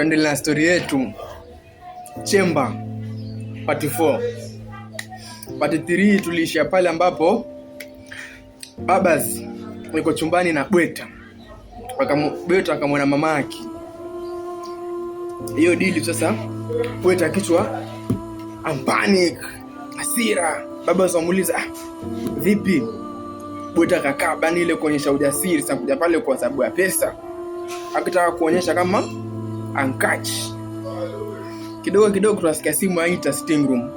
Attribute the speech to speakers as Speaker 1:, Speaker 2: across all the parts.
Speaker 1: tuendele na stori yetu Chemba part 4. Part 3 tuliishia pale ambapo Babas iko chumbani na Bweta, Bweta akamwona mama yake. Hiyo dili sasa, Bweta kichwa ampanic hasira. Babas amuuliza ah, vipi? Bweta akakaa bani ile kuonyesha ujasiri, sakuja pale kwa sababu ya pesa, akitaka kuonyesha kama ankach Kidogo kidogo tunasikia simu aita sitting room,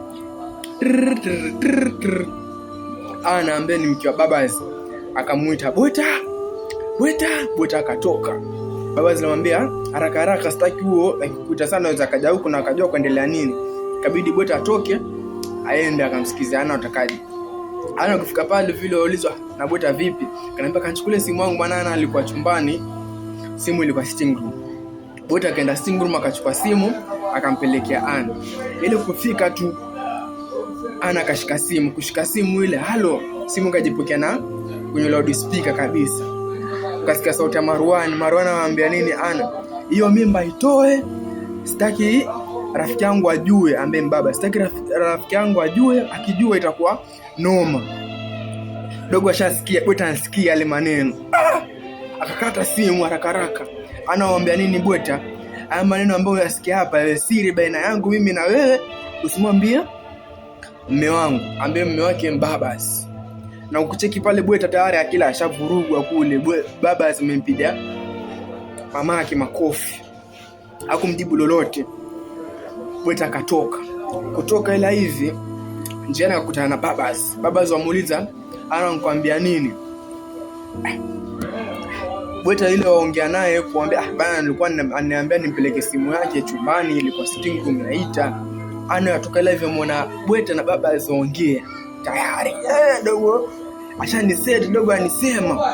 Speaker 1: anaambia ni mkiwa babas Babazi, akamwita Bweta, Bweta, Bweta akatoka. Babazi namwambia haraka haraka, staki huo akikuita sana, aweza akaja huko na akajua kuendelea nini. Ikabidi Bweta atoke aende akamsikiza ana utakaji ana kufika pale vile ulizwa na Bweta vipi, kanaambia kanchukule simu yangu, ana alikuwa chumbani, simu ilikuwa sitting room. Bolt akaenda sitting room akachukua simu akampelekea Ana. Ile kufika tu Ana akashika simu, kushika simu ile halo, simu kajipokea na kwenye loud speaker kabisa. Ukasikia sauti ya Marwan, Marwan anamwambia nini Ana? Hiyo mimba itoe. Sitaki rafiki yangu ajue, ambaye mbaba, sitaki rafiki yangu ajue, akijua itakuwa noma. Dogo ashasikia, Bolt anasikia yale maneno. Ah! Akakata simu haraka haraka anawaambia nini Bweta? Haya maneno ambayo unasikia hapa yawe siri baina yangu mimi na wewe, usimwambie mme wangu, ambaye mme wake mbabas Na ukucheki pale Bweta tayari akila ashavurugwa kule, baba zimempiga mama yake makofi, hakumjibu lolote. Bweta akatoka kutoka, ila hivi njiani akakutana na Babas. Babas wamuuliza, ana nkwambia nini? bweta ile waongea naye kuambia ah, bana nilikuwa ananiambia nimpeleke simu yake chumbani, ilikuwa sitting room naita ana atoka live muona bweta na baba azoongea tayari eh, dogo acha ni niseti dogo anisema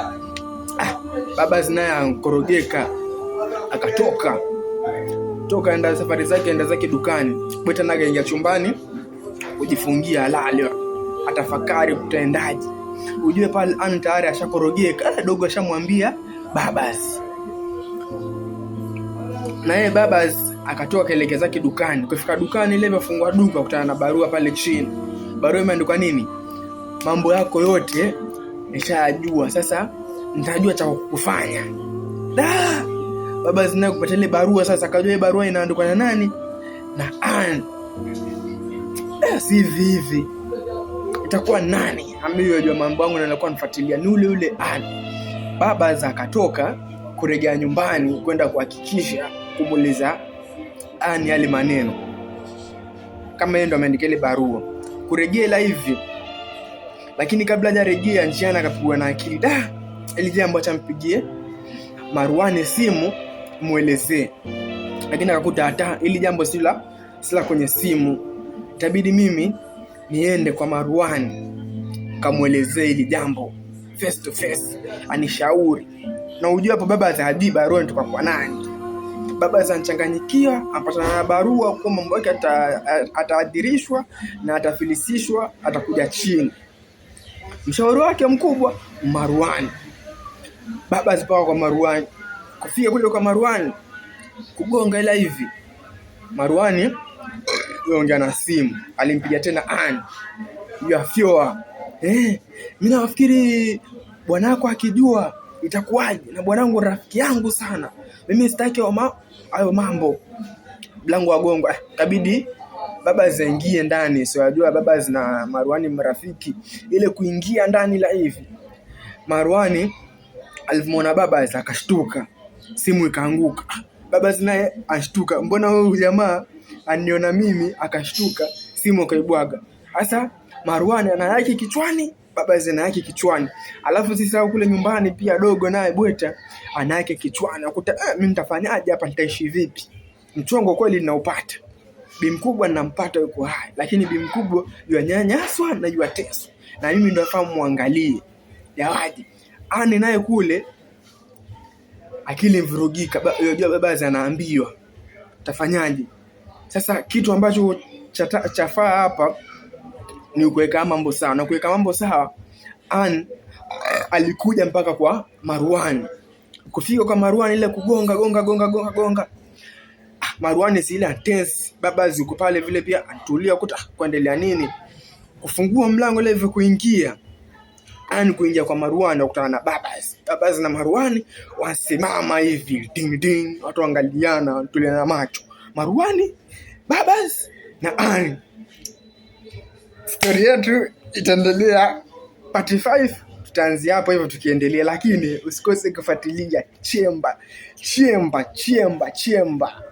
Speaker 1: ah, baba zinaye ankorogeka akatoka toka enda safari zake enda zake dukani bweta naga ingia chumbani kujifungia alale atafakari kutaendaje ujue pale ana tayari ashakorogeka eh, dogo ashamwambia babas na yeye babas akatoa keleke zake dukani. Kufika dukani ile imefungwa duka, kutana na barua pale chini. Barua imeandikwa nini? Mambo yako yote nishajua, sasa nitajua cha kufanya. Da, baba zinaye kupata ile barua sasa, akajua ile barua inaandikwa na nani? Na Ann. Eh, si hivi hivi, itakuwa nani ambaye yajua mambo yangu na anakuwa anifuatilia? Ni ule ule Ann baba za akatoka kurejea nyumbani kwenda kuhakikisha kumuliza ani ah, yale maneno kama yeye ndo ameandika ile barua kurejea hivi, lakini kabla hajarejea njiani akapigwa na akili da, ili jambo atampigie maruani simu muelezee, lakini akakuta hata ili jambo sila sila kwenye simu, itabidi mimi niende kwa maruani kamwelezee ili jambo face to face anishauri na ujua hapo baba atahabii barua nitoka kwa nani baba anchanganyikia apatana na barua kwa mambo yake ataadhirishwa na atafilisishwa atakuja chini mshauri wake mkubwa Marwani. baba zipaka kwa Marwani. kufika kule kwa Marwani kugonga ila hivi maruani ongea na simu alimpiga tena Ani. yafyoa Eh, mi nafikiri bwanako akijua itakuwaje, na bwanangu rafiki yangu sana. Mimi sitaki hayo mambo mlango wa gongo. Eh, kabidi baba zaingie ndani, sio ajua baba zina Marwani mrafiki, ile kuingia ndani la hivi Marwani alimwona baba akashtuka, simu ikaanguka. Baba naye ashtuka, mbona huyu jamaa aniona mimi, akashtuka simu akaibwaga. Sasa Marwani ana yake kichwani, baba zina yake kichwani, alafu sisi hao kule nyumbani pia dogo naye bweta ana yake kichwani. Nakuta eh, mimi nitafanyaje hapa, nitaishi vipi? Mchongo kweli ninaupata. Bi mkubwa ninampata yuko hai, lakini bi mkubwa yua nyanyaswa na yua teswa, na mimi ndo nafaa muangalie yawaje. ani naye kule akili mvurugika, unajua baba zanaambiwa tafanyaje sasa, kitu ambacho chafaa hapa ni kuweka mambo sawa na kuweka mambo sawa an eh, alikuja mpaka kwa Marwan. Kufika kwa Marwan ile kugonga gonga gonga gonga gonga ah, Marwan si ile tense baba ziko pale vile pia antulia kuta ah, kuendelea nini kufungua mlango ile hivyo kuingia ani kuingia kwa Marwan wakutana na babas babas na Marwan wasimama hivi ding ding, watu angaliana tuliana macho Marwani babas na ani stori yetu itaendelea part 5 tutaanzia hapo hivyo tukiendelea, lakini usikose kufuatilia Chemba Chemba Chemba Chemba.